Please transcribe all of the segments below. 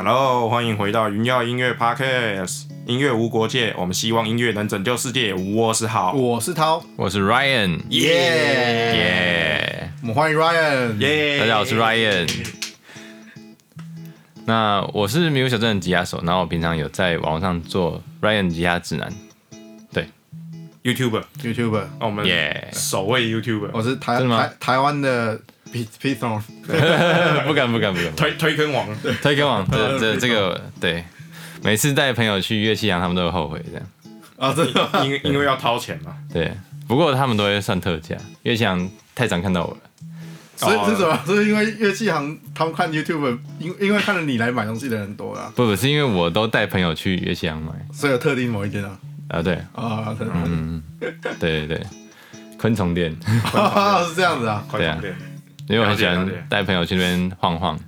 Hello，歡迎回到雲耀音樂 Podcast。音樂無國界，我們希望音樂能拯救世界。我是豪，我是濤，我是 Ryan，耶耶。Yeah! Yeah! 我們歡迎 Ryan，Yeah! Yeah! 大家好，我是 Ryan。Yeah! 那我是迷霧小鎮的吉他手，然後我平常有在網上做 Ryan 吉他指南，YouTuber，YouTuber，我們首位 YouTuber，我是台台台灣的 Python，不敢不敢不敢，推推坑王、推坑王，這這這個對，每次帶朋友去樂器行，他們都會後悔這樣，啊，這因為因為要掏錢嘛，對，不過他們都會算特價，樂器行太常看到我了，所以是什麼？所以因為樂器行他們看 YouTuber，因因為看了你來買東西的人多了，不不是因為我都帶朋友去樂器行買，所以有特定某一間啊。啊對啊，嗯，對對對，昆蟲店是這樣子啊，對啊，因為我很喜歡帶朋友去那邊晃晃，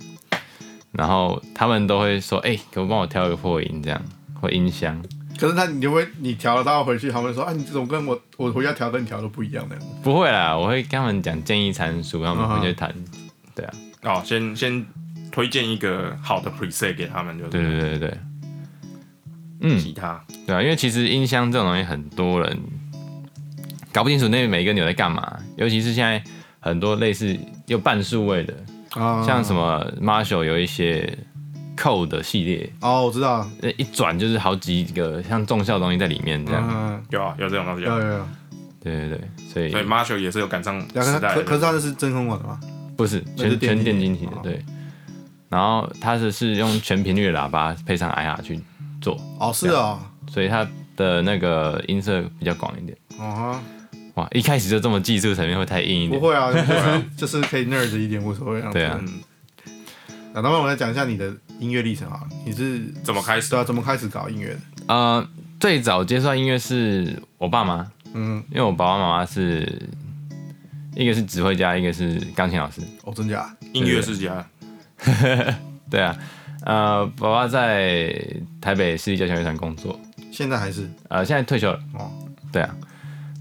然後他們都會說，哎，可不可以幫我挑一個破音這樣或音箱。可是他，你就會你調了，他要回去，他們說，啊，你這種跟我我回家調跟你調都不一樣的。不會啦，我會跟他們講建議參數，跟他們回去談，對啊，哦，先先推薦一個好的 preset 給他們就。對對對對。嗯，其他對啊，因為其實音箱這種東西，很多人搞不清楚那邊每一個鈕在幹嘛，尤其是現在很多類似有半數位的啊，嗯、像什麼 Marshall 有一些 Code 系列哦，我知道，一轉就是好幾個像重效的東西在裡面，這樣、嗯嗯嗯嗯、有啊，有這種東西有，有、有、有對對對，所以所以 Marshall 也是有趕上，可可是它是真空管的嗎？不是，全是全電晶體的，的哦、對，然後它是是用全頻率的喇叭配上 IR 去。做哦，是哦。所以他的那個音色比較廣一點。哦哈、uh，huh. 哇，一開始就這麼技術層面會太硬一點？不會啊，啊 就是可以 nerd 一點無所謂。對啊。那那麼我們來講一下你的音樂歷程啊，你是怎麼開始？對啊，怎麼開始搞音樂的？呃，最早接觸音樂是我爸媽。嗯，因為我爸爸媽媽是一個是指揮家，一個是鋼琴老師。哦，真假？音樂世家？對, 對啊。呃，爸爸在台北市立交響樂團工作，現在還是，呃，現在退休了。哦，對啊，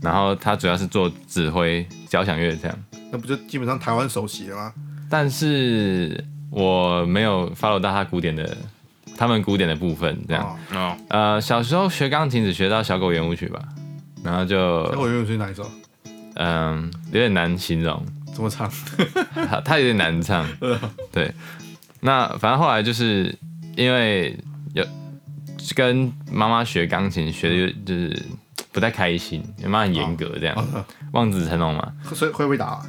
然後他主要是做指揮交響樂這樣。那不就基本上台灣首席了嗎？但是我沒有 follow 到他古典的，他們古典的部分這樣。哦。呃，小時候學鋼琴只學到《小狗圓舞曲》吧，然後就。小狗圓舞曲是哪一首？嗯、呃，有點難形容。怎麼唱？他、 呃、他有點難唱。 對。 那反正後來就是，因為有跟媽媽學鋼琴，學的就是不太開心，也蠻很嚴格這樣，望、哦哦、子成龍嘛。所以會不會打？啊？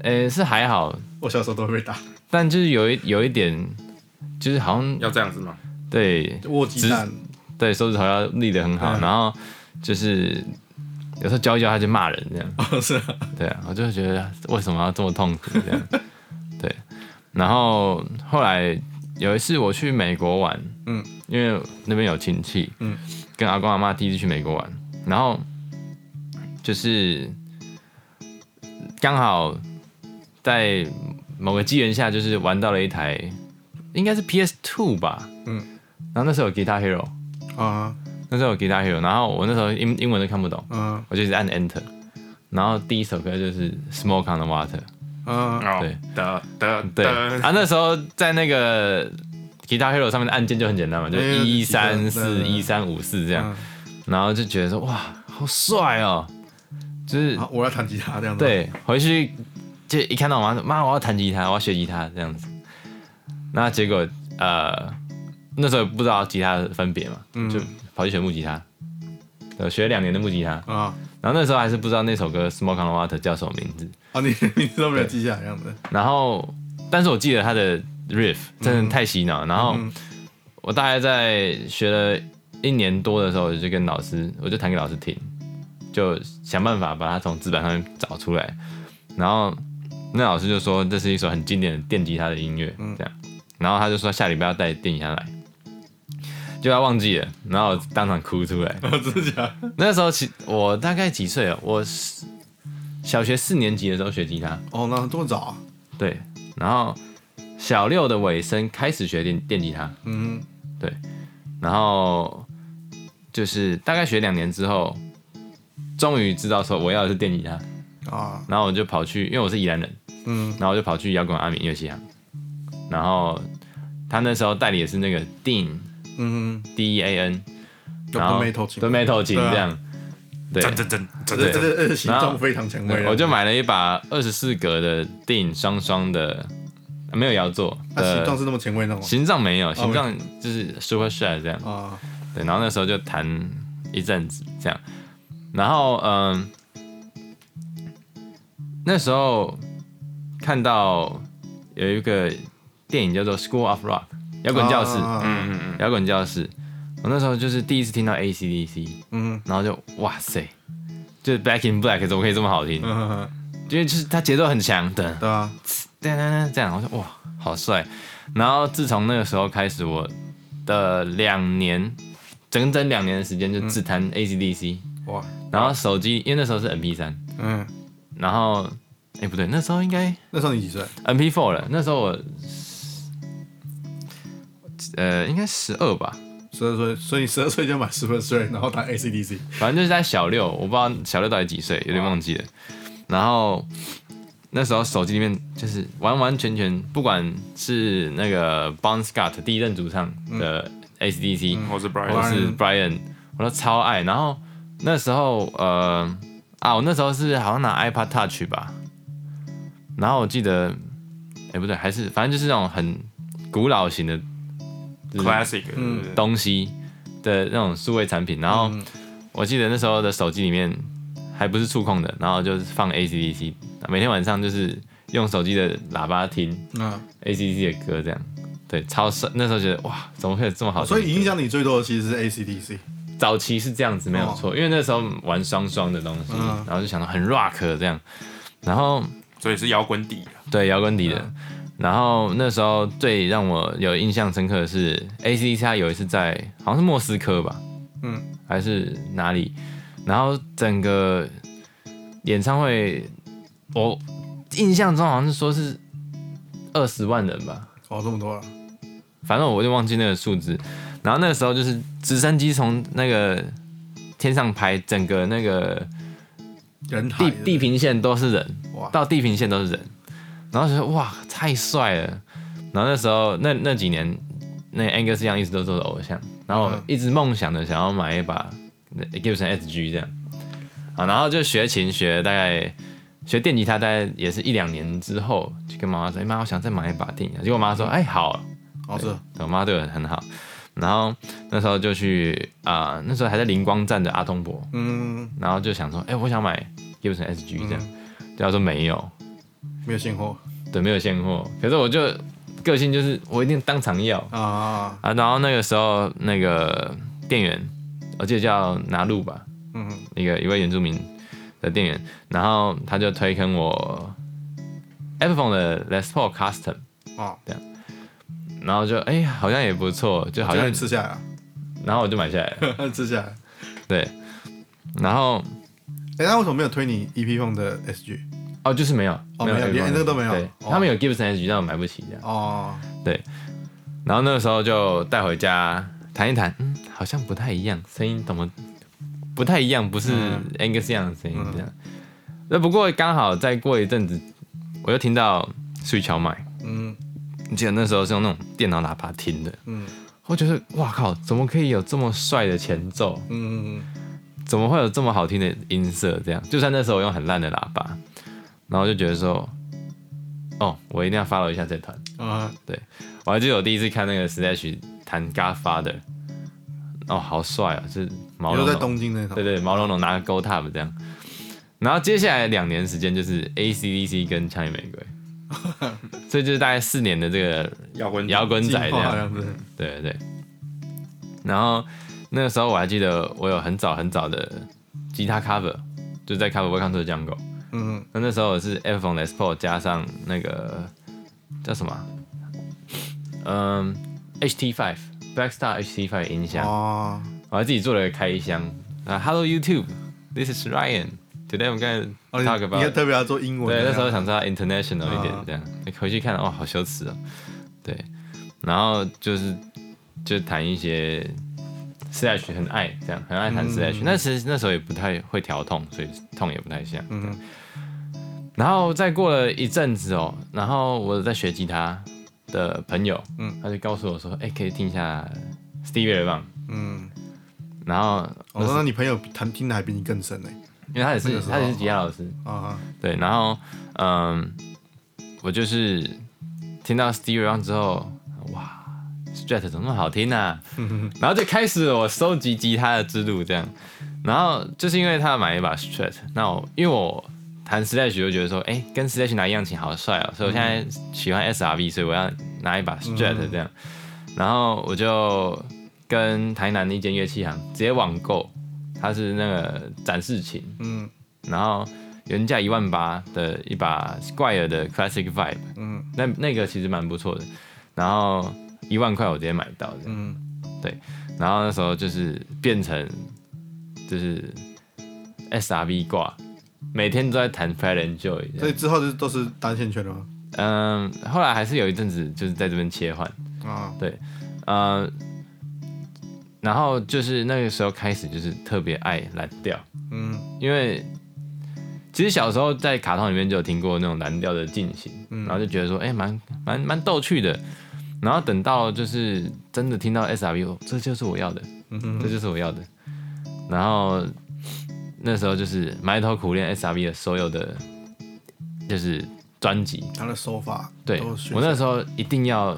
呃、欸，是還好，我小時候都會被打，但就是有一有一點，就是好像要這樣子嘛。對，握雞蛋，對，手指頭要立得很好，啊、然後就是有時候教一教他就罵人這樣，哦、是啊，對啊，我就覺得為什麼要這麼痛苦這樣。 然後後來有一次我去美國玩，嗯，因為那邊有親戚，嗯，跟阿公阿媽第一次去美國玩，然後就是剛好在某個機緣下，就是玩到了一台，應該是 PS Two 吧，嗯，然後那時候有 Guitar Hero，啊哈，那時候有 Guitar Hero，然後我那時候英英文都看不懂，嗯、啊哈，我就一直按 Enter，然後第一首歌就是《Smoke on the Water》。嗯，對的的對後、啊、那時候在那個 Guitar Hero 上面的按鍵就很簡單嘛，就一三四一三五四這樣，嗯、然後就覺得說哇，好帥哦、喔，就是、啊、我要彈吉他這樣子。對，回去就一看到我媽，媽我要彈吉他，我要學吉他這樣子。那結果呃，那時候不知道吉他分別嘛，就跑去學木吉他，呃、嗯，我學了兩年的木吉他啊。嗯、然後那時候還是不知道那首歌《Smoke on the Water》叫什麼名字。嗯哦、啊，你你字不了，記下來，這樣子。然後，但是我記得他的 riff 真的太洗腦。嗯嗯然後，嗯嗯我大概在學了一年多的時候，我就跟老師，我就彈給老師聽，就想辦法把它從指板上面找出來。然後，那老師就說，這是一首很經典的電吉他的音樂，嗯、這樣。然後他就說，下禮拜要帶電吉他來，就要忘記了。然後我當場哭出來。哦、我真的假的？那時候，其我大概幾歲啊？我是。小學四年級的時候學吉他。哦，那多早啊！對，然後小六的尾聲開始學電電吉他，嗯哼，對，然後就是大概學兩年之後，終於知道說我要的是電吉他，啊，然後我就跑去，因為我是宜蘭人，嗯哼，然後我就跑去搖滾阿敏樂器行，然後他那時候代理的是那個 Dean，嗯哼 D E A N 然後都 Metal 琴，都 Metal 琴，對啊，這樣。真真真真真，這形狀非常前衛。嗯、我就買了一把二十四格的電影雙雙的，雙雙的，沒有搖座、啊，形狀是那麼前衛那種。形狀沒有，哦、形狀就是 super share 這樣。哦、對，然後那時候就彈一陣子這樣，然後嗯，那時候看到有一個電影叫做《School of Rock》搖滾教室，嗯嗯、哦哦、嗯，搖滾、嗯、教室。我那時候就是第一次聽到 AC/DC，嗯，然後就哇塞，就是 Back in Black 怎麼可以這麼好聽？嗯、哼哼因為就是他節奏很強的，對啊、嗯，對對對，這樣我說哇好帥。然後自從那個時候開始，我的兩年整整兩年的時間就只彈 AC/DC，、嗯、哇。然後手機因為那時候是 MP3，嗯，然後哎不對，那時候應該那時候你幾歲？MP4 了，那時候我呃應該十二吧。十二歲，所以你十二歲就買 Super Strat 然後彈 ACDC，反正就是在小六，我不知道小六到底幾歲，有點忘記了。Wow. 然後那時候手機裡面就是完完全全，不管是那個 Bon Scott 第一任主唱的 ACDC，、嗯嗯、或是 Brian，我是 Brian，, Brian. 我都超愛。然後那時候呃啊，我那時候是好像拿 iPad Touch 吧，然後我記得哎、欸、不對，還是反正就是那種很古老型的。Classic 東西的那種數位產品，嗯、然後我記得那時候的手機裡面還不是觸控的，然後就是放 A C D C，每天晚上就是用手機的喇叭聽 A C D C 的歌，這樣，對，超帥，那時候覺得哇，怎麼會有這麼好聽。所以影響你最多的其實是 A C D C？早期是這樣子沒有錯，因為那時候玩雙雙的東西，然後就想到很 rock 這樣，然後所以是搖滾底，對，搖滾底的。然後那時候最讓我有印象深刻的是 AC/DC，他有一次在好像是莫斯科吧，嗯，還是哪裡，然後整個演唱會，我印象中好像是說是二十萬人吧，哦，這麼多了，反正我就忘記那個數字。然後那時候就是直升機從那個天上拍，整個那個人是是，地地平線都是人，哇，到地平線都是人。然後就說，哇太帥了，然後那時候那那幾年那個、Angus 一樣一直都做的偶像，然後一直夢想着想要買一把 Gibson SG 這樣啊，然後就學琴學了大概學電吉他大概也是一兩年之後，就跟媽媽說哎、欸、媽，我想再買一把電吉他，結果我媽、媽說哎好。對哦是我媽對我很好，然後那時候就去啊、呃、那時候還在靈光站的阿東伯，嗯，然後就想說哎、欸、我想買 Gibson SG 這樣，對他、嗯、說沒有。.沒有現貨，對，沒有現貨。可是我就個性就是我一定當場要啊啊，啊，啊，啊！然後那個時候那個店員，我記得叫拿路吧，嗯哼，一個一位原住民的店員，然後他就推坑我，Epiphone 的 Les Paul Custom 哦、啊，這樣，然後就哎、欸、好像也不錯，就好像吃下來、啊，然後我就買下來吃 下來，對，然後哎、欸、那為什麼沒有推你、Epiphone 的 SG？哦，就是沒有，沒有，沒有，連那個都沒有。對，他們有 Gibson SG 吉他，我買不起這樣。哦，對。然後那個時候就帶回家彈一彈，嗯，好像不太一樣，聲音怎麼不太一樣？不是 Angus Young 的聲音這樣。那不過剛好再過一陣子，我又聽到碎橋麥，嗯，記得那時候是用那種電腦喇叭聽的，嗯，我覺得哇靠，怎麼可以有這麼帥的前奏？嗯嗯嗯，怎麼會有這麼好聽的音色？這樣，就算那時候我用很爛的喇叭。然後就覺得說，哦，我一定要 follow 一下這團啊！對，我還記得我第一次看那個 Slash 彈 Godfather 哦，好帥啊，是毛茸茸在東京那場，對對，毛茸茸拿個 gold top 這樣。啊、然後接下來兩年時間就是 AC/DC 跟槍與玫瑰，啊、所以就是大概四年的這個搖滾搖滾仔這樣，樣對對。然後那個時候我還記得我有很早很早的吉他 cover，就在 Cover Welcome to Jungle。嗯，那那時候我是 Epiphone Les Paul 加上那個叫什麼、啊？嗯，HT5 Blackstar HT5 音箱，我還哇自己做了一個開箱。uh, Hello YouTube，This is Ryan Today I'm gonna、哦。Today 我們剛才，talk about。你特別要做英文。對，那時候想做 international 一點，這樣。你、啊、回去看，哇，好羞恥哦、喔。對，然後就是就彈一些 slash 很愛這樣，很愛彈 slash。嗯、那其實那時候也不太會調 tone，所以 tone 也不太像。嗯。然後再過了一陣子哦，然後我在學吉他的朋友，嗯，他就告訴我說，哎，可以聽一下 Stevie Ray Vaughan，嗯，然後、哦、我說是那你朋友彈聽的還比你更深呢，因為他也是，他也是吉他老師啊，哦哦哦哦、對，然後嗯、呃，我就是聽到 Stevie Vaughan 之後，哇，Strat 怎麼那麼好聽呢、啊？嗯嗯、然後就開始我收集吉他的之路，這樣，然後就是因為他要買一把 Strat 那我因為我。彈 Slash 就覺得說，誒、欸，跟 Slash 拿一樣琴好帥哦，喔，所以我現在喜歡 SRV，所以我要拿一把 Strat 這樣，嗯嗯，然後我就跟台南一間樂器行直接網購，它是那個展示琴，嗯，然後原價一萬八的一把 Squire 的 Classic Vibe，嗯，那那個其實蠻不錯的，然後一萬塊我直接買到的，嗯、對，然後那時候就是變成就是 SRV 掛。每天都在彈《Pride and Joy》，所以之後就是都是單線圈了嗎？嗯、呃，後來還是有一陣子就是在這邊切換啊，對，嗯、呃，然後就是那個時候開始就是特別愛藍調，嗯，因為其實小時候在卡通裡面就有聽過那種藍調的進行，嗯、然後就覺得說，哎、欸，蠻蠻蠻逗趣的，然後等到就是真的聽到 SRV，、哦、這就是我要的，嗯哼,哼，這就是我要的，然後。那時候就是埋頭苦練 S R V 的所有的，就是專輯，他的手法，對。我那時候一定要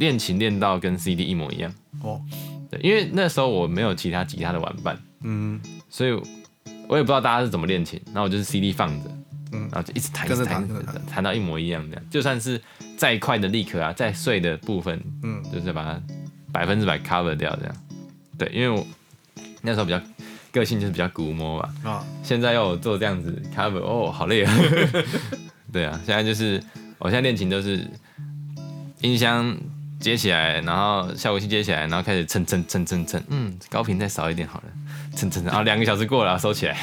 練琴練到跟 C D 一模一樣哦，對，因為那時候我沒有其他吉他的玩伴，嗯，所以我也不知道大家是怎麼練琴，然後我就是 C D 放着，嗯，然後就一直彈彈彈，彈到一模一樣這樣，就算是再快的 lick 啊，再碎的部分，嗯，就是把它百分之百 cover 掉這樣，對，因為我那時候比較。個性就是比較古摸吧，啊！現在要我做這樣子 cover，哦，好累啊！ 對啊，現在就是我現在練琴都是音箱接起來，然後效果器接起來，然後開始蹭蹭蹭蹭蹭，嗯，高頻再少一點好了，蹭蹭蹭啊！兩個小時過了，啊，收起來，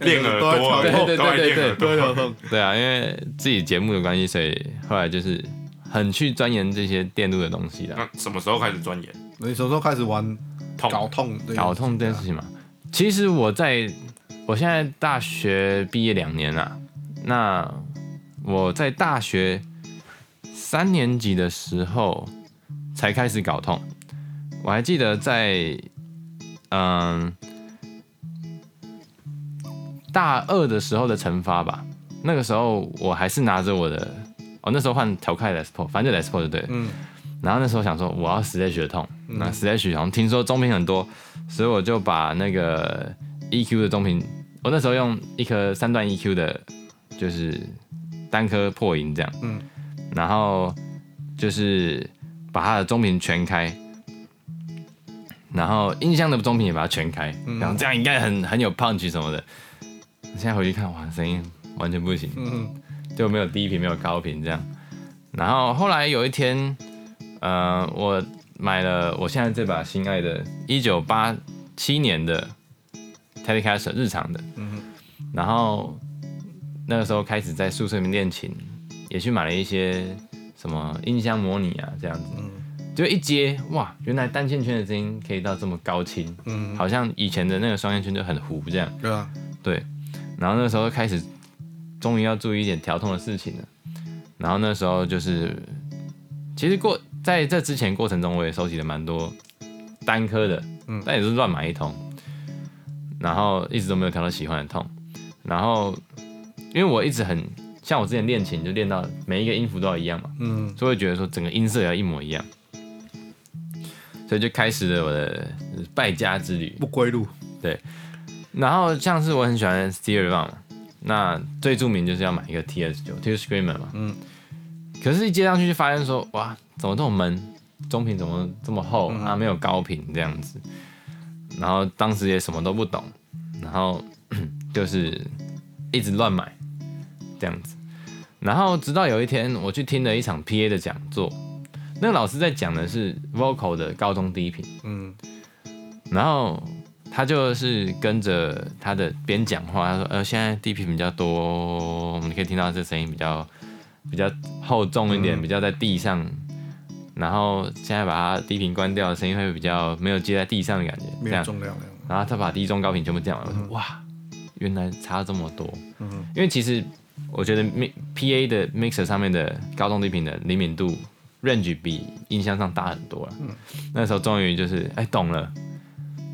練耳朵，對，對對對對對，耳朵痛。對啊，因為自己節目的關係，所以後來就是很去鑽研這些電路的東西的。那什麼時候開始鑽研？你什麼時候開始玩？團搞團的，搞團這件事情嘛，其實我在，我現在大學畢業兩年了、啊，那我在大學三年級的時候才開始搞團，我還記得在，嗯，大二的時候的成發吧，那個時候我還是拿着我的，哦，那時候換投開 LSport，反正 LSport 就對，嗯，然後那時候想說我要實在學團。那、嗯啊、實在許嵩，聽說中頻很多，所以我就把那個 E Q 的中頻，我那時候用一顆三段 E Q 的，就是單顆破音這樣，嗯，然後就是把它的中頻全開，然後音箱的中頻也把它全開，嗯，然後這樣應該很很有 punch 什麼的。我現在回去看，哇，聲音完全不行，嗯，就沒有低頻，沒有高頻這樣。然後後來有一天，呃，我。買了我現在這把心愛的一九八七年的 Telecaster 日常的，嗯、哼然後那個時候開始在宿舍裡面練琴，也去買了一些什麼音箱模擬啊這樣子，嗯、就一接，哇，原來單線圈的聲音可以到這麼高清，嗯、哼好像以前的那個雙線圈就很糊這樣。對啊、嗯哼，對。然後那時候開始，終於要注意一點調 tone 的事情了。然後那時候就是，其實過。在這之前過程中，我也收集了蠻多單顆的，嗯、但也是亂買一通，然後一直都沒有調到喜歡的 tone。然後因為我一直很像我之前練琴，就練到每一個音符都要一樣嘛，嗯，所以我會覺得說整個音色要一模一樣，所以就開始了我的敗家之旅，不歸路，對。然後像是我很喜歡 Steerone，那最著名就是要買一個 TS9 Tube Screamer 嘛，嗯，可是一接上去就發現說，哇。怎麼這麼悶？中頻怎麼這麼厚？它、啊、沒有高頻這樣子。然後當時也什麼都不懂，然後 就是一直亂買這樣子。然後直到有一天，我去聽了一場 PA 的講座，那個老師在講的是 vocal 的高中低頻。嗯，然後他就是跟着他的邊講話，他說：“呃，現在低頻比較多，我們可以聽到這聲音比較比較厚重一點，嗯、比較在地上。”然後現在把它低頻關掉，聲音會比較沒有接在地上的感覺，沒有重量。然後他把低中高頻全部調完，我說、嗯、哼哇，原來差這麼多。嗯、哼因為其實我覺得 m PA 的 mixer 上面的高中低頻的靈敏度、嗯、range 比音箱上大很多了、啊。嗯、那時候終於就是哎懂了，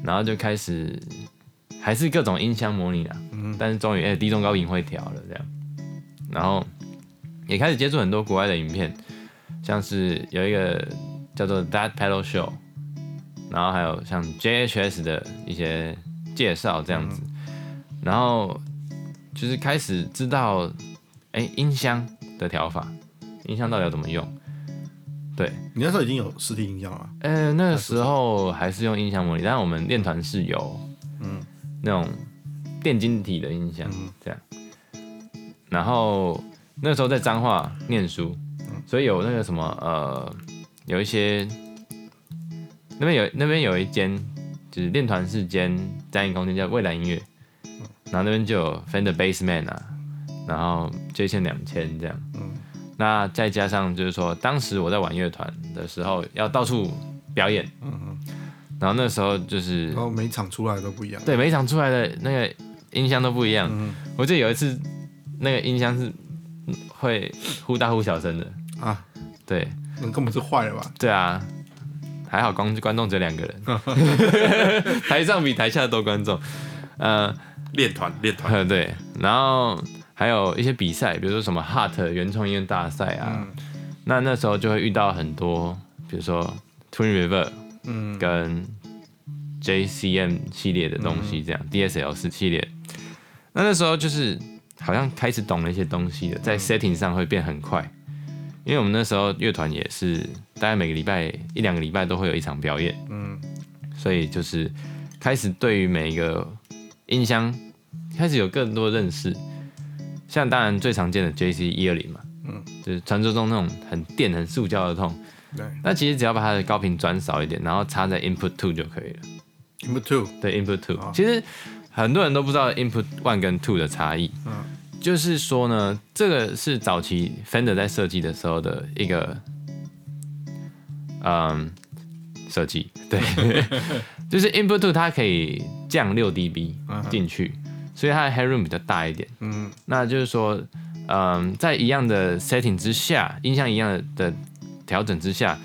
然後就開始還是各種音箱模擬啊。嗯、哼但是終於哎低中高頻會調了這樣，然後也開始接觸很多國外的影片。像是有一個叫做 That Pedal Show，然後還有像 JHS 的一些介紹這樣子，嗯嗯，然後就是開始知道，哎、欸，音箱的調法，音箱到底要怎麼用？對，你那時候已經有實體音箱了？呃、欸，那個時候還是用音箱模擬，但我們練團是有，嗯，那種電晶體的音箱嗯嗯，這樣，然後那時候在彰化念書。所以有那個什麼呃，有一些那邊有那邊有一間就是練團室兼展演空間叫未來音樂，嗯，然後那邊就有 Fender Bassman 啊，然後接線兩千這樣。嗯，那再加上就是說，當時我在玩樂團的時候要到處表演，嗯哼，然後那時候就是然後每場出來都不一樣，對，每一場出來的那個音箱都不一樣。嗯哼，我記得有一次那個音箱是會忽大忽小聲的。啊，對，那根本是壞了吧？對啊，還好觀觀眾只有兩個人， 台上比台下多觀眾。呃，練團練團，對對。然後還有一些比賽，比如說什麼 Heart 原創音樂大賽啊，嗯、那那時候就會遇到很多，比如說 Twin River，嗯，跟 JCM 系列的東西這樣、嗯、，DSL 四系列。那那時候就是好像開始懂了一些東西了，在 setting 上會變很快。因為我們那時候樂團也是，大概每個禮拜一兩個禮拜都會有一場表演，嗯，所以就是開始對於每一個音箱開始有更多的認識，像當然最常見的 JC 一二零嘛，嗯，就是傳說中那種很電、很塑膠的 tone，對，那其實只要把它的高頻轉少一點，然後插在 Input Two 就可以了。Input Two，對，Input Two，哦，其實很多人都不知道 Input One 跟 Two 的差異。嗯。就是說呢，這個是早期 Fender 在設計的時候的一個，嗯，設計對， 就是 Input Two 它可以降六 dB 進去，uh huh. 所以它的 Headroom 比較大一點。嗯、uh，huh. 那就是說，嗯，在一樣的 Setting 之下，音箱一樣的調整之下，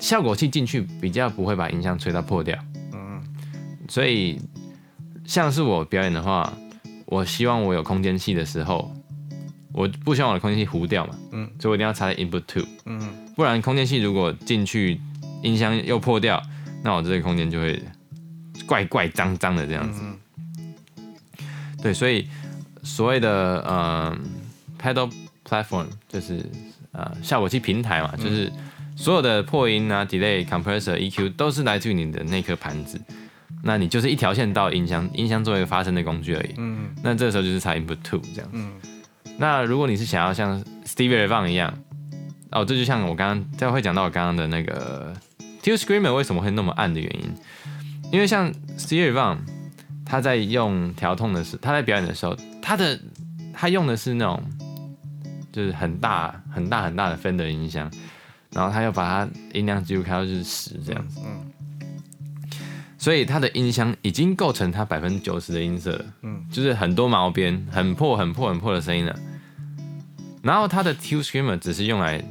效果器進去比較不會把音箱吹到破掉。嗯、uh，huh. 所以像是我表演的話。我希望我有空間器的時候，我不希望我的空間器糊掉嘛，嗯，所以我一定要插在 input two，嗯哼，不然空間器如果進去，音箱又破掉，那我這個空間就會怪怪髒髒的這樣子。嗯、哼對，所以所謂的呃 pedal platform 就是呃效果器平台嘛，嗯、就是所有的破音啊 delay compressor EQ 都是來自於你的那顆盤子。那你就是一條線到音箱，音箱作為一個發聲的工具而已。嗯，那這個時候就是插 input two 這樣子。嗯，那如果你是想要像 s t e v e r a v a n 一樣，哦，這就像我剛剛在會講到我剛剛的那個 Two Screamer 為什麼會那麼暗的原因，因為像 s t e v e r a v a n 他在用調痛的時候，他在表演的時候，他的他用的是那種就是很大很大很大的分的音箱，然後他又把它音量幾乎開到就是十這樣子。嗯。嗯所以它的音箱已經構成它百分之九十的音色了，嗯，就是很多毛邊、很破、很破、很破的聲音了。然後它的 Tube Screamer 只是用來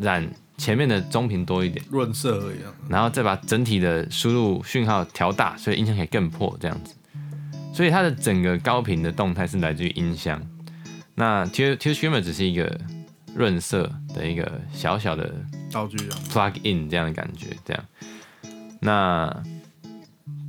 染前面的中頻多一點，潤色而已，啊。然後再把整體的輸入訊號調大，所以音箱也更破這樣子。所以它的整個高頻的動態是來自於音箱。那 Tube Screamer 只是一個潤色的一個小小的道具啊，Plug In 這樣的感覺，啊，這樣。那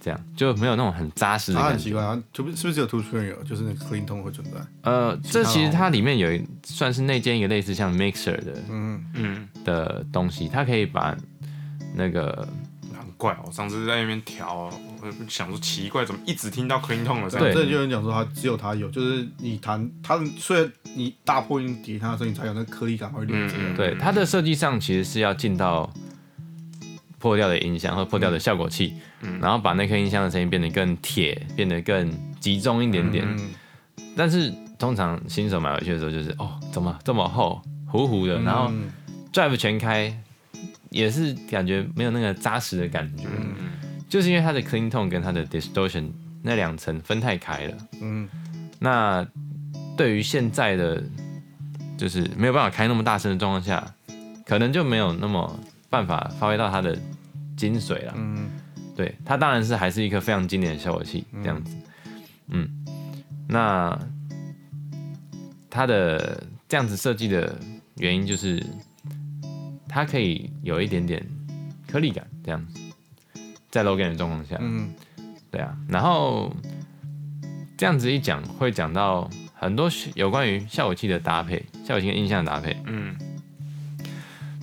這樣就沒有那種很扎實的感覺，這很奇怪啊！是不是只有圖出有，3, 就是那個 clean tone 會存在。呃，這其實它裡面有一算是內建一個類似像 mixer 的，嗯嗯的東西，它可以把那個。難、啊、怪我、喔、上次在那邊調，我想說奇怪怎麼一直聽到 clean tone 了。對，對這就講說它只有它有，就是你彈它雖然你大破音疊它的時候，你才有那顆粒感會累積。對，它的設計上其實是要進到。破掉的音箱和破掉的效果器，嗯、然後把那顆音箱的聲音變得更鐵，變得更集中一點點。嗯、但是通常新手買回去的時候就是，哦，怎麼這麼厚糊糊的？嗯、然後 drive 全開也是感覺沒有那個扎實的感覺。嗯、就是因為它的 clean tone 跟它的 distortion 那兩層分太開了。嗯、那對於現在的就是沒有辦法開那麼大聲的狀況下，可能就沒有那麼。辦法發揮到它的精髓了，嗯，對，它當然是還是一個非常經典的效果器，嗯、這樣子，嗯，那它的這樣子設計的原因就是它可以有一點點顆粒感這樣子，在 low gain 的狀況下，嗯，對啊，然後這樣子一講會講到很多有關於效果器的搭配，效果器的印象的搭配，嗯。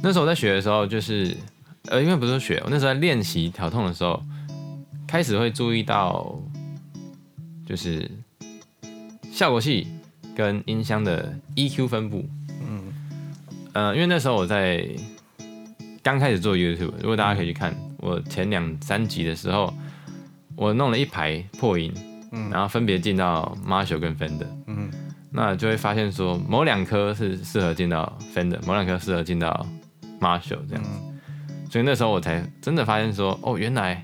那時候我在學的時候，就是，呃，因為不是說學，我那時候在練習調 tone 的時候，開始會注意到，就是效果器跟音箱的 EQ 分布。嗯。呃，因為那時候我在剛開始做 YouTube，如果大家可以去看、嗯、我前兩三集的時候，我弄了一排破音，嗯，然後分別進到 Marshall 跟 Fender，嗯，那就會發現說某兩顆是適合進到 Fender，某兩顆適合進到 Marshall 這樣子，所以那時候我才真的發現說，哦，原來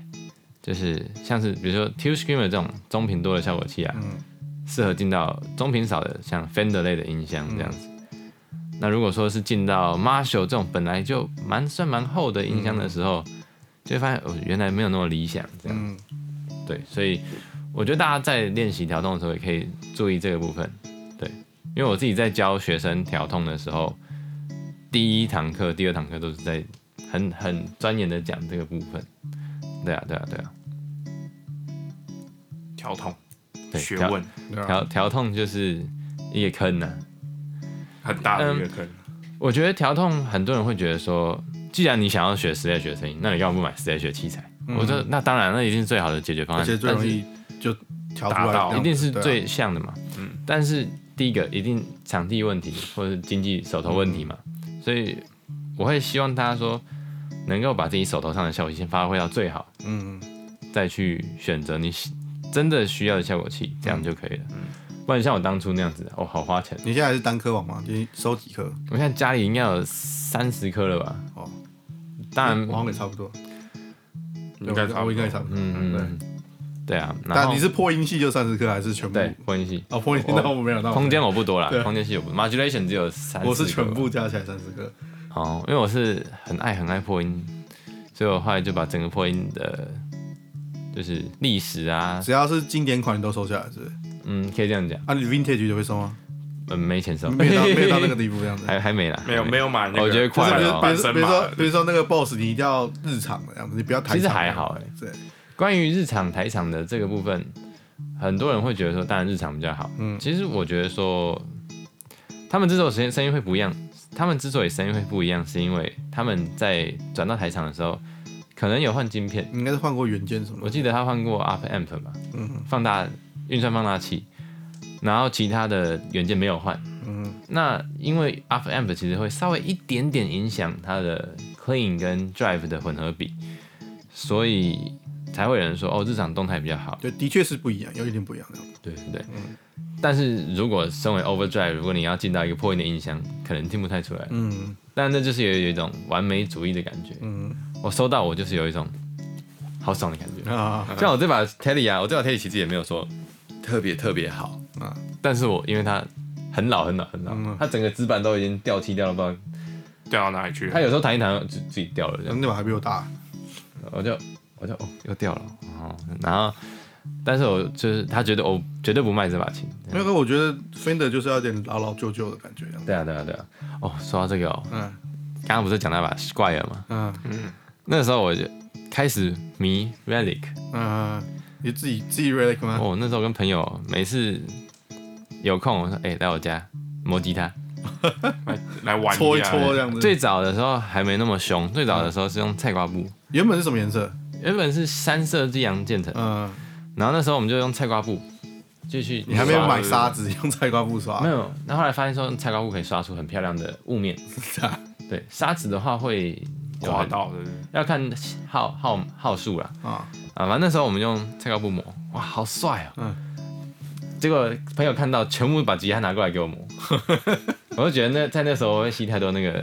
就是像是比如說 Tube Screamer 這種中頻多的效果器啊，適、嗯、合進到中頻少的像 Fender 類的音箱這樣子。嗯、那如果說是進到 Marshall 這種本來就蠻算蠻厚的音箱的時候，嗯、就會發現哦，原來沒有那麼理想這樣子。嗯、對，所以我覺得大家在練習調動的時候也可以注意這個部分。對，因為我自己在教學生調動的時候。第一堂課、第二堂課都是在很很鑽研的講這個部分，對啊，對啊，對啊。調痛，學問。調調痛就是一個坑吶，很大的一個坑。我覺得調痛很多人會覺得說，既然，你想要學實驗學的聲音，那你幹嘛不買實驗學的器材？我說那當然，那一定是最好的解決方案，而且最容易就調不到，一定是最像的嘛。但是第一個一定場地問題或者經濟手頭問題嘛。所以我會希望大家說，能夠把自己手頭上的效果先發揮到最好，嗯，再去選擇你真的需要的效果器，嗯、這樣就可以了。嗯、不然像我當初那樣子，哦，好花錢，喔。你現在還是單顆網嗎？你收幾顆？我現在家裡應該有三十顆了吧？哦，當然，我好像也差不多，應該差不多，應該差，嗯嗯。對啊，但你是破音器就三十顆還是全部破音器？哦，破音器那我沒有到。空間我不多了，空間器有。Modulation 只有三十，我是全部加起來三十顆。哦，因為我是很愛很愛破音，所以我後來就把整個破音的，就是歷史啊，只要是經典款都收下來，是嗯，可以這樣講。啊，你 Vintage 就會收嗎？嗯，沒錢收，沒到沒到那個地步這樣子，還還沒啦，沒有沒有買，我覺得快了。比如說比如說那個 Boss，你一定要日常的樣子，你不要太。其實還好哎，對。關於日廠台廠的這個部分，很多人會覺得說，當然日廠比較好。嗯，其實我覺得說，他們之所以聲音會不一樣，他們之所以聲音會不一樣，是因為他們在轉到台廠的時候，可能有換晶片，應該是換過元件什麼。我記得他換過 op amp 吧，嗯哼，放大運算放大器，然後其他的元件沒有換。嗯哼，那因為 op amp 其實會稍微一點點影響它的 clean 跟 drive 的混合比，所以。才會有人說哦，日常動態比較好。對，的確是不一樣，有一點不一樣的。對對。對。嗯、但是，如果身為 Overdrive，如果你要進到一個破音的音箱，可能聽不太出來。嗯。但那就是有有一種完美主義的感覺。嗯。我收到，我就是有一種好爽的感覺、啊、像我這把 Tele 啊，我這把 Tele 其實也沒有說特別特別好啊。但是我因為它很老很老很老，嗯、它整個指板都已經掉漆掉了，不知道掉到哪裡去。它有時候彈一彈，自自己掉了。那把還比我大。我就。哦，又掉了、哦、然後，但是我就是他覺得我、哦、絕對不賣這把琴。那個我覺得 Fender 就是要點老老舊舊的感覺。對啊，對啊，對啊。哦，說到這個哦，嗯，剛剛不是講那把 Squier 嗎？嗯嗯。那時候我就開始迷 Relic。嗯，你自己自己 Relic 嗎？哦，那時候跟朋友每次有空，我說：“哎、欸，來我家摸吉他， 來，來玩搓一搓 這樣子。”最早的時候還沒那麼凶，最早的時候是用菜瓜布。嗯、原本是什麼顏色？原本是三色之羊漸層，嗯，然後那時候我們就用菜瓜布繼續去，你還沒有買砂紙，對對用菜瓜布刷，沒有。那後,後來發現說用菜瓜布可以刷出很漂亮的霧面，是啊，對，砂紙的話會刮到，對對要看號號號數啦，啊啊、嗯，反正那時候我們用菜瓜布磨，哇，好帥哦，嗯，結果朋友看到全部把吉他拿過來給我磨， 我就覺得那在那時候我會吸太多那個。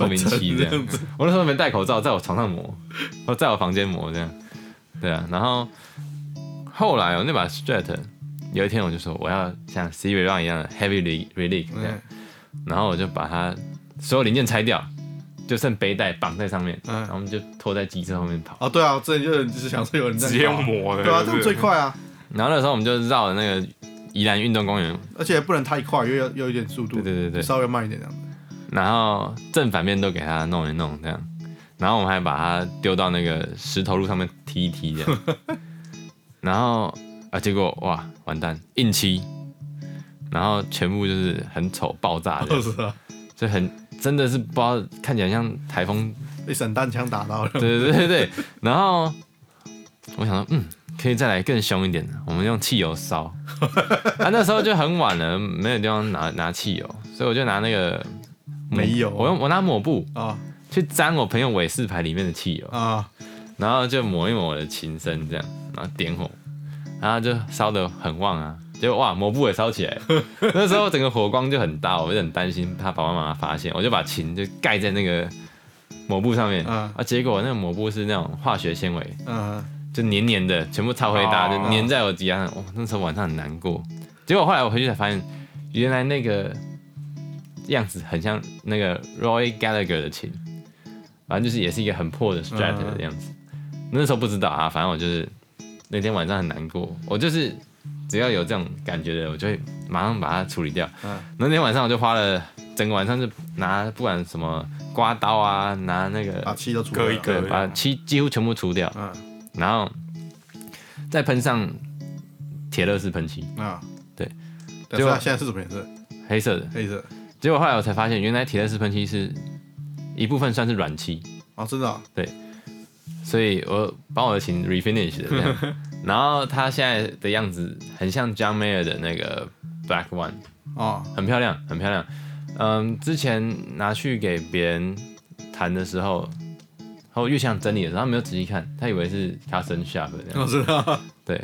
透明漆這樣子，立的我那時候沒戴口罩，在我床上磨，或在我房間磨這樣，對啊。然後後來我、喔、那把 Strat 有一天我就說我要像 SRV 一樣 Heavy Relic Re 這樣，嗯、然後我就把它所有零件拆掉，就剩背帶綁在上面，嗯、然後我們就拖在機車後面跑。哦，對啊，這裡就是就是想說有人在。直接磨的。對啊，這是最快啊。啊啊啊然後那時候我們就繞了那個宜蘭運動公園，而且不能太快，又要有有一點速度，對對對對，稍微慢一點這樣子。然後正反面都給它弄一弄這樣，然後我們還把它丟到那個石頭路上面踢一踢這樣，然後啊結果哇完蛋硬漆，然後全部就是很醜爆炸的，就很真的是不知道看起來像台風被散彈槍打到了，對對對對對，然後我想說嗯可以再來更凶一點的，我們用汽油燒，啊，那時候就很晚了，沒有地方拿拿汽油，所以我就拿那個。沒有、啊，我用我拿抹布啊，哦、去沾我朋友偉士牌裡面的汽油啊，哦、然後就抹一抹我的琴身這樣，然後點火，然後就燒得很旺啊，結果哇，抹布也燒起來， 那時候整個火光就很大，我就很擔心怕爸爸媽媽發現，我就把琴就蓋在那個抹布上面、嗯、啊，結果那個抹布是那種化學纖維，嗯，就黏黏的，全部超灰搭、哦、就黏在我吉他，哇，那時候晚上很難過，結果後來我回去才發現，原來那個。樣子很像那個 Roy Gallagher 的琴，反正就是也是一個很破的 Strat 的樣子。嗯嗯，那時候不知道啊，反正我就是那天晚上很難過，我就是只要有這種感覺的，我就會馬上把它處理掉。嗯，那天晚上我就花了整個晚上，就拿不管什麼刮刀啊，拿那個把漆都除掉，掉，把漆幾乎全部除掉，嗯，然後再噴上鐵樂士噴漆。啊、嗯，對，對就現在是什麼顏色？黑色的，黑色。結果後來我才發現，原來鐵原子噴漆是一部分算是軟漆哦，真的、哦？對，所以我把我的琴 refinish 了， 然後它現在的樣子很像 John Mayer 的那個 Black One，哦，很漂亮，很漂亮。嗯，之前拿去給別人彈的時候，然後又想整理的時候，他沒有仔細看，他以為是 custom shop，我知道，對，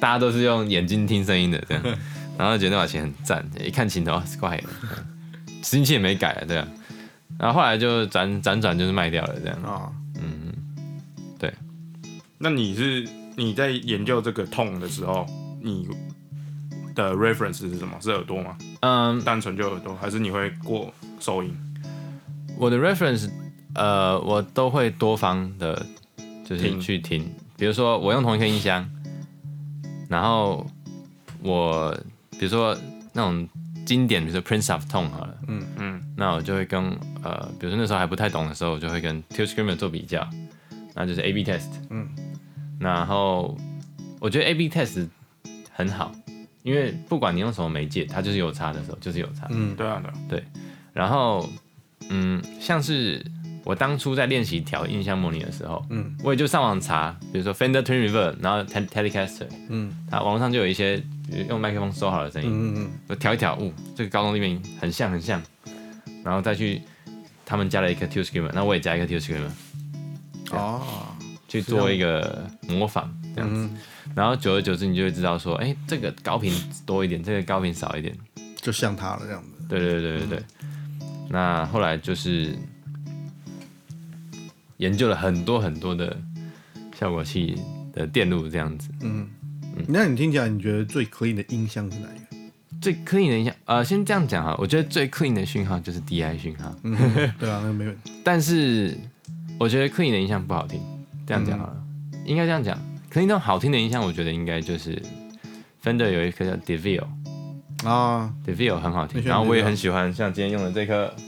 大家都是用眼睛聽聲音的這樣，然後覺得那把琴很讚，一看琴頭啊，怪的。拾音器也沒改了、啊，對啊，然後後來就輾輾轉就是賣掉了，這樣啊，嗯，對。那你是你在研究這個 tone 的時候，你的 reference 是什麼？是耳朵嗎？嗯，單純就耳朵，還是你會過收音？我的 reference，呃，我都會多方的，就是去聽。聽比如說，我用同一個音箱， 然後我比如說那種。經典，比如說 Prince of Tone 好了，嗯嗯，嗯，那我就會跟呃，比如說那時候還不太懂的時候，我就會跟 Tube Screamer 做比較，那就是 A/B test，嗯，然後我覺得 A/B test 很好，因為不管你用什麼媒介，它就是有差的時候就是有差的，嗯對啊對啊，對，然後嗯像是。我當初在練習調音箱模擬的時候，嗯、我也就上網查，比如說 Fender Twin Reverb，然後 Telecaster，Te 嗯，它網上就有一些，比如用麥克風收好的聲音，嗯嗯，我調一調，嗚、哦，這個高中那邊很像很像，然後再去他們加了一個 tube screamer，那我也加了一個 tube screamer 哦，去做一個模仿這樣子，樣然後久而久之你就會知道說，哎、欸，這個高頻多一點，這個高頻少一點，就像它了這樣子。對對對對對，嗯、那後來就是。研究了很多很多的效果器的電路，這樣子。嗯，嗯，那你聽起來，你覺得最 clean 的音箱是哪一個？最 clean 的音箱，呃，先這樣講哈，我覺得最 clean 的訊號就是 DI 訊號、嗯。對啊，那個、沒問題。但是，我覺得 clean 的音箱不好聽，這樣講好了。嗯、應該這樣講，clean 那種好聽的音箱，我覺得應該就是 Fender 有一顆叫 Deville 啊，Deville 很好聽，喜然後我也很喜歡，像今天用的這顆。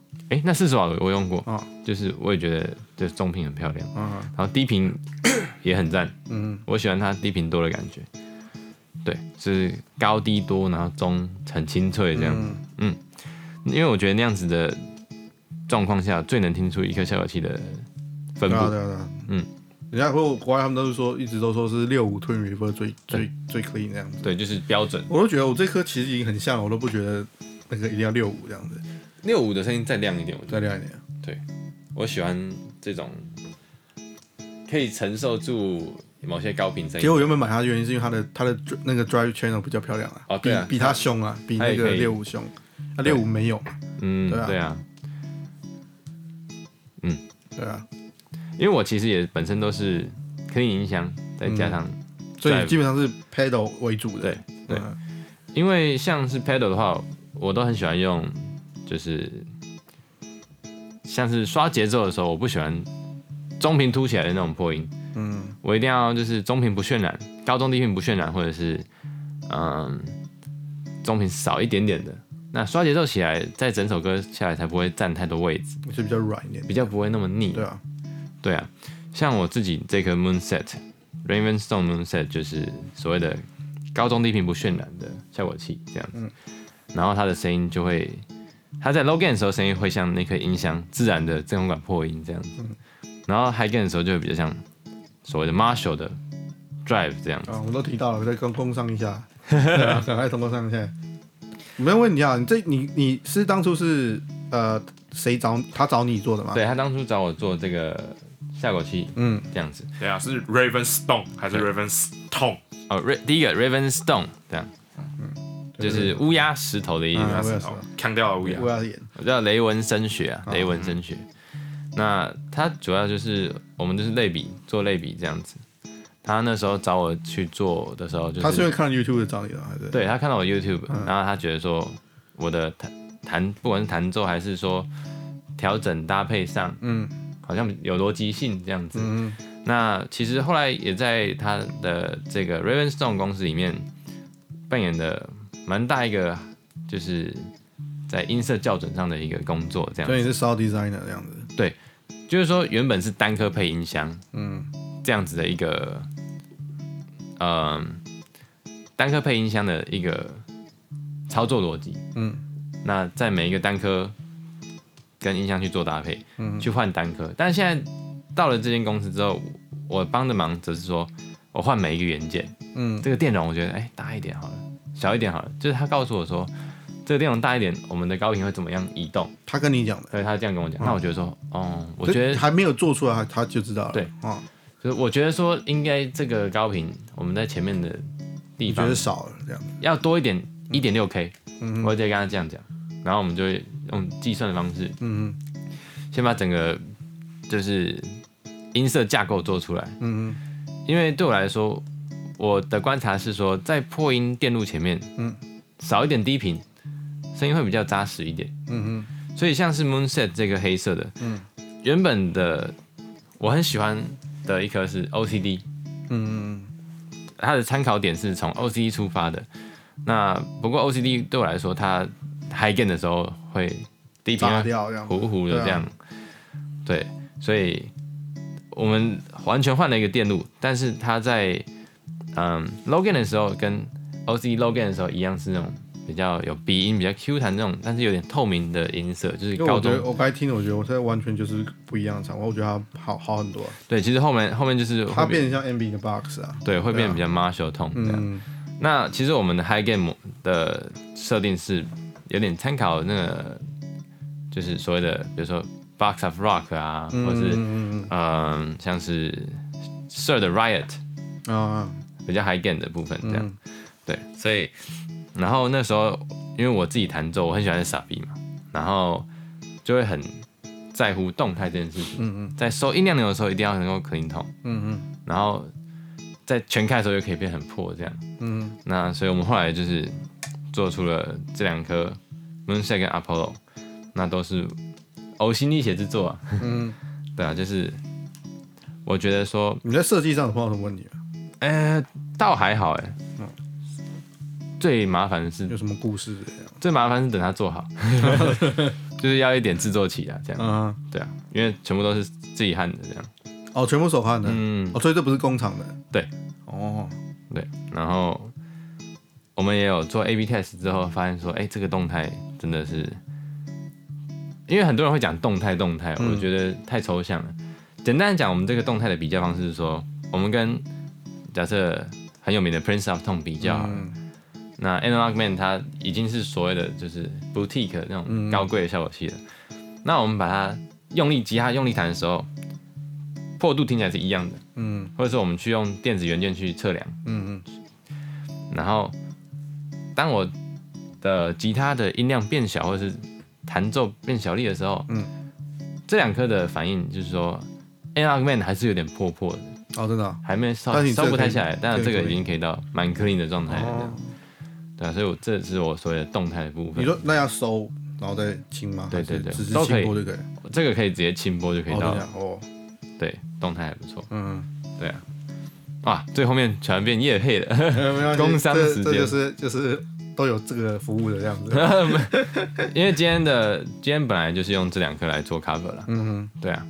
哎、欸，那四十瓦我用過，哦、就是我也覺得就是中頻很漂亮，嗯、哦，然後低頻也很讚，嗯哼，我喜歡它低頻多的感覺，對，是高低多，然後中很清脆這樣嗯，嗯，因為我覺得那樣子的狀況下最能聽出一顆效果器的分布、啊，對、啊、對對、啊，嗯，人家國國外他們都是說，一直都說是六五 Twin Reverb 最對最最 clean 那樣子，對，就是標準，我都覺得我這顆其實已經很像了，我都不覺得那個一定要六五這樣子。六五的聲音再亮一點，我覺得，再亮一點。對，我喜歡這種可以承受住某些高頻聲音。其實我原本買它的原因是因為它的它的那個 drive channel 比較漂亮啊，比比它凶啊，比那個六五凶。啊，六五沒有。嗯，對啊，嗯，對啊，因為我其實也本身都是 clean 音箱，再加上，所以基本上是 pedal 為主的。對，因為像是 pedal 的話，我都很喜歡用。就是像是刷節奏的時候，我不喜歡中頻凸起來的那種破音。嗯，我一定要就是中頻不渲染，高中低頻不渲染，或者是嗯中頻少一點點的。那刷節奏起來，在整首歌下來才不會佔太多位置，就比較軟一點點的，比較不會那麼膩。對啊，對啊。像我自己這顆 Moonset Ravenstone Moonset，就是所謂的高中低頻不渲染的效果器這樣子，嗯、然後它的聲音就會。他在 low gain 的時候，聲音會像那顆音箱自然的真空管破音這樣子，然後 high gain 的時候就會比較像所謂的 Marshall 的 drive 這樣子。啊、哦，我們都提到了，我再跟工商一下，趕快、啊啊、 通過上線。沒有問題啊，你這你你是當初是呃誰找他找你做的嗎？對，他當初找我做這個效果器，嗯，這樣子。對啊，是 Ravenstone 還是 Ravenstone？對哦，瑞第一個 Ravenstone 這樣。就是烏鴉石頭的意思，砍掉了烏鴉。烏鴉的眼，我知道雷文升學啊，哦、雷文升學。嗯、哼那他主要就是我們就是類比做類比這樣子。他那時候找我去做的時候、就是，他是因為看到 YouTube 找你了還是？對，對他看到我 YouTube，然後他覺得說我的彈彈，不管是彈奏還是說調整搭配上，嗯，好像有邏輯性這樣子。嗯、哼那其實後來也在他的這個 Ravenstone 公司裡面扮演的，蠻大一個，就是在音色校準上的一個工作，這樣。所以是 sound designer 這樣子？對，就是說原本是單顆配音箱，嗯，這樣子的一個、呃，單顆配音箱的一個操作邏輯，嗯。那在每一個單顆跟音箱去做搭配，嗯，去換單顆。但是現在到了這間公司之後，我幫的忙則是說，我換每一個元件，嗯，這個電容我覺得哎、欸、大一點好了。小一點好了，就是他告訴我說，這個電容大一點，我們的高頻會怎麼樣移動？他跟你講的，對，他這樣跟我講。嗯、那我覺得說，哦，我覺得還沒有做出來，他他就知道了。對，啊、嗯，所以我覺得說，應該這個高頻我們在前面的地方你覺得少了，這樣要多一點 1.、嗯，一點六 k，我就跟他這樣講。然後我們就會用計算的方式，嗯嗯哼，先把整個就是音色架構做出來，嗯嗯哼，因為對我來說。我的觀察是說，在破音電路前面，嗯，少一點低頻，聲音會比較紮實一點。嗯嗯哼，所以像是 Moonset 這個黑色的，嗯，原本的我很喜歡的一顆是 OCD，嗯嗯哼嗯，它的參考點是從 OCD 出發的。那不過 OCD 對我來說，它 high gain 的時候會低頻啊糊糊的這樣，對啊，對，所以我們完全換了一個電路，但是它在嗯 low gain 的時候跟 OC low gain 的時候一樣是那種比較有鼻音、比較 Q 彈這種，但是有點透明的音色，就是高我。我覺得我剛聽，我覺得我現在完全就是不一樣的場，我覺得它好好很多，啊。對，其實後面後面就是會變它變得像 MB 的 box 啊，對，會變得比較 mellow tone。嗯，那其實我們的 high gain 的設定是有點參考那個，就是所謂的，比如說 box of rock 啊，嗯、或者是嗯、呃，像是 Sir the riot, s i r d riot 嗯。比較 high gain 的部分，這樣，嗯、對，所以，然後那時候，因為我自己彈奏，我很喜歡傻逼嘛，然後就會很在乎動態這件事情。嗯嗯，在收音量的時候，一定要能夠 clean tone。嗯嗯，然後在全開的時候，又可以變很破這樣。嗯，嗯，那所以我們後來就是做出了這兩顆 Moonshine 跟 Apollo，那都是嘔心瀝血之作。啊。 嗯，對啊，就是我覺得說你在設計上有碰到什麼問題啊？哎、欸，倒還好哎、欸。最麻煩的是有什麼故事？最麻煩是等他做好， 就是要一點製作期啦，這樣。嗯哼，對啊，因為全部都是自己焊的這樣。哦，全部手焊的，嗯，哦，所以這不是工廠的、欸。對，哦，對。然後我們也有做 A B test 之後，發現說，哎、欸，這個動態真的是，因為很多人會講動態動態，我覺得太抽象了。嗯、簡單講，我們這個動態的比較方式是說，我們跟假設很有名的 Prince of Tone 比較好，嗯嗯，那 Analog Man 它已經是所謂的就是 boutique 那種高貴的效果器了。嗯嗯，那我們把它用力吉他用力彈的時候，破度聽起來是一樣的。嗯，嗯，或者說我們去用電子元件去測量。嗯嗯。然後，當我的吉他的音量變小，或者是彈奏變小力的時候，嗯，這兩顆的反應就是說，Analog Man 還是有點破破的。哦，真的、哦，還沒燒，但你燒不太下來，但是這個已經可以到蠻 clean 的狀態了，對啊，所以我這是我所謂的動態的部分。你說那要收，然後再清嗎？對對對，直直清播就可以都可以，這個可以直接清播就可以到。哦對，哦、對，動態還不錯。嗯，對啊，哇、啊，最後面全變業配的、 欸、工商時間，這就是就是都有這個服務的這樣子。 因為今天的今天本來就是用這兩顆來做 cover 了。嗯哼對啊。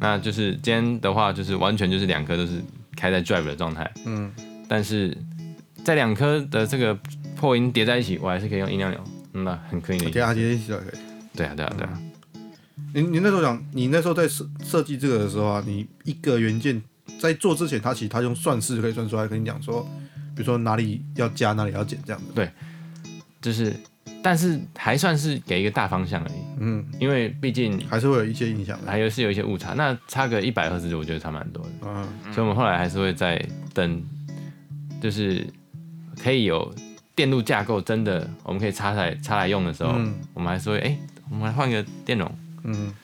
那就是今天的話，就是完全就是兩顆都是開在 drive 的狀態，嗯，但是在兩顆的這個破音疊在一起，我還是可以用音量鈕，嗯，那、嗯嗯、很可以的、啊、可以，可以疊加在一起都可以，對啊，對啊，對啊。您您、嗯、那時候講，你那時候在設設計這個的時候啊，你一個元件在做之前，它其實它用算式就可以算出來，跟你講說，比如說哪裡要加，哪裡要減，這樣的，對，就是。但是還算是給一個大方向而已，嗯，因為畢竟還是會有一些影響，還有是有一些誤差，那差個一百赫茲，我覺得差蠻多的，嗯，所以我們後來還是會再等，就是可以有電路架構真的我們可以插來插來用的時候，嗯、我們還是會哎、欸，我們來換個電容，嗯，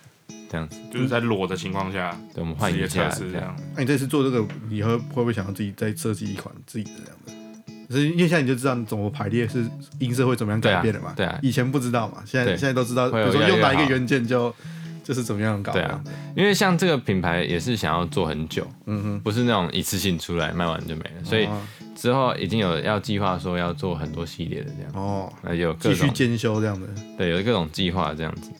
這樣子就是在裸的情況下，嗯、對，我們換一下這樣。那、欸、你這次做這個以後會不會想要自己再設計一款自己的這樣的？是，因為現在你就知道你怎麼排列是音色會怎麼樣改變的嘛。對啊。以前不知道嘛，現在現在都知道。比如說用哪一個元件就就是怎麼樣搞，對啊。因為像這個品牌也是想要做很久，嗯哼，不是那種一次性出來賣完就沒了，所以之後已經有要計劃說要做很多系列的這樣。哦。那有繼續兼修這樣的。對，有各種計劃這樣子。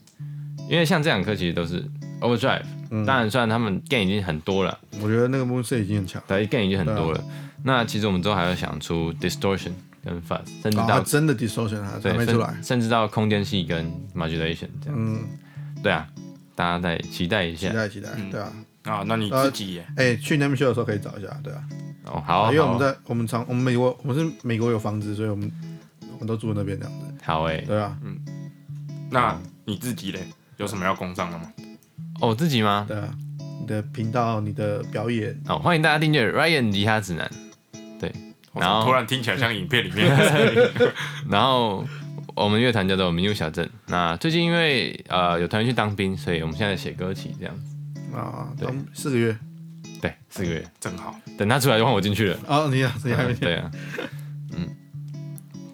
因為像這兩顆其實都是 Overdrive，當然算他們 gain 已經很多了。我覺得那個音色已經很強。對，gain 已經很多了。那其實我們之後還要想出 distortion 跟 fuzz，甚至到真的 distortion 還沒出來，甚至到空間系跟 modulation 這樣子。對啊，大家再期待一下。期待期待。對啊。啊，那你自己？哎，去那邊秀的時候可以找一下，對啊。哦好。因為我們在我們常，我們美國，我是美國有房子，所以我們我們都住那邊這樣子。好哎。對啊。嗯。那你自己嘞，有什麼要工商的嗎？哦自己嗎？對啊。你的頻道，你的表演。好，歡迎大家訂閱 Ryan 吉他指南。對，然後、哦、突然聽起來像影片裡面。 然後我們樂團叫做迷霧小鎮。那最近因為呃有團員去當兵，所以我們現在寫歌曲這樣子。啊、哦，對，對，四個月。對，四個月正好。等他出來就換我進去了。啊、哦，這你這樣對啊。嗯，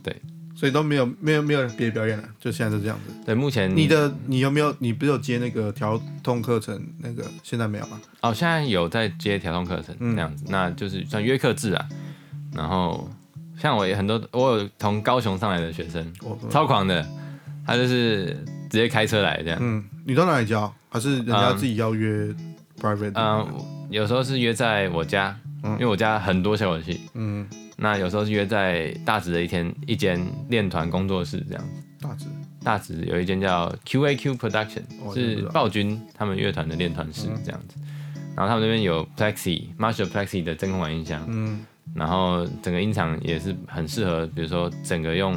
對，所以都沒有沒有沒有別的表演了、啊，就現在就這樣子。對，目前你，你的你有沒有你不是有接那個調通課程那個？現在沒有嗎？哦，現在有在接調動課程那、嗯、樣子，那就是像約課制啊。然後，像我有很多，我有從高雄上來的學生，哦、超狂的，他就是直接開車來這樣。嗯，你到哪裡教？還是人家自己邀約？Private？、那個、嗯、嗯，有時候是約在我家，嗯、因為我家很多小樂器。嗯，那有時候是約在大直的一天一間練團工作室這樣子。大直。大直有一間叫 Q A Q Production，是暴君他們樂團的練團室這樣子。嗯、然後他們那邊有 Plexi Marshall Plexi 的真空管音箱。嗯。然後整個音場也是很適合，比如說整個用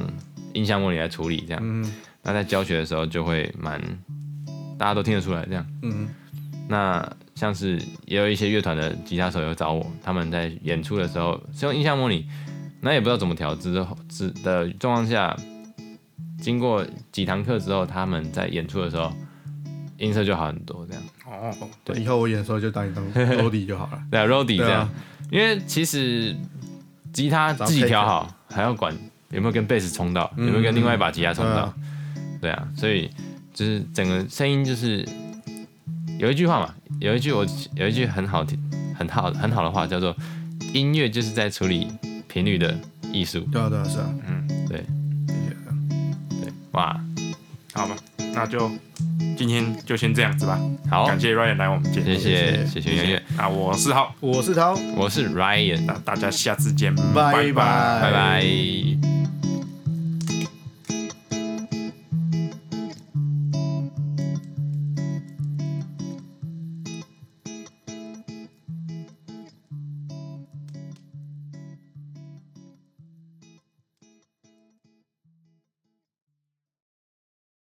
音箱模擬來處理這樣，嗯、哼那在教學的時候就會蠻大家都聽得出來這樣。嗯、哼那像是也有一些樂團的吉他手有找我，他們在演出的時候是用音箱模擬，那也不知道怎麼調，之後之的狀況下，經過幾堂課之後，他們在演出的時候音色就好很多這樣。哦，對，以後我演的時候就當你當 roadie 就好了， 對、啊、roadie 這樣，啊、因為其實吉他自己調好，要還要管有沒有跟 Bass 衝到，嗯、有沒有跟另外一把吉他衝到，對啊，對啊，所以就是整個聲音就是有一句話嘛，有一句我有一句很好聽、很好、很好的話，叫做音樂就是在處理頻率的藝術。對啊，對啊，是啊，嗯，對，Yeah. 對，哇，嗯、好吧。那就今天就先這樣子吧。好，感謝 Ryan 來我們節目。謝謝，謝謝，謝謝謝謝。謝謝。那我是浩，我是濤，我是 Ryan。那大家下次見，拜拜，拜拜。